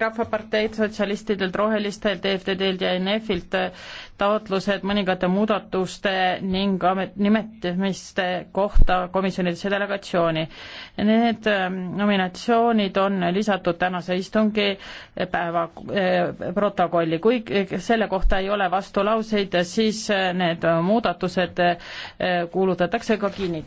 rahvaparteid, sotsialistidelt, rohelistelt, EFTD-lt ja NF-ilt äh, taotlused mõningate muudatuste ning amet-, nimetamiste kohta komisjonidesse delegatsiooni. Need ähm, nominatsioonid on lisatud tänase istungi äh, päeva äh, protokolli, kui selle kohta ei ole vastulauseid, siis need muudatused kuulutatakse ka kinnitatud.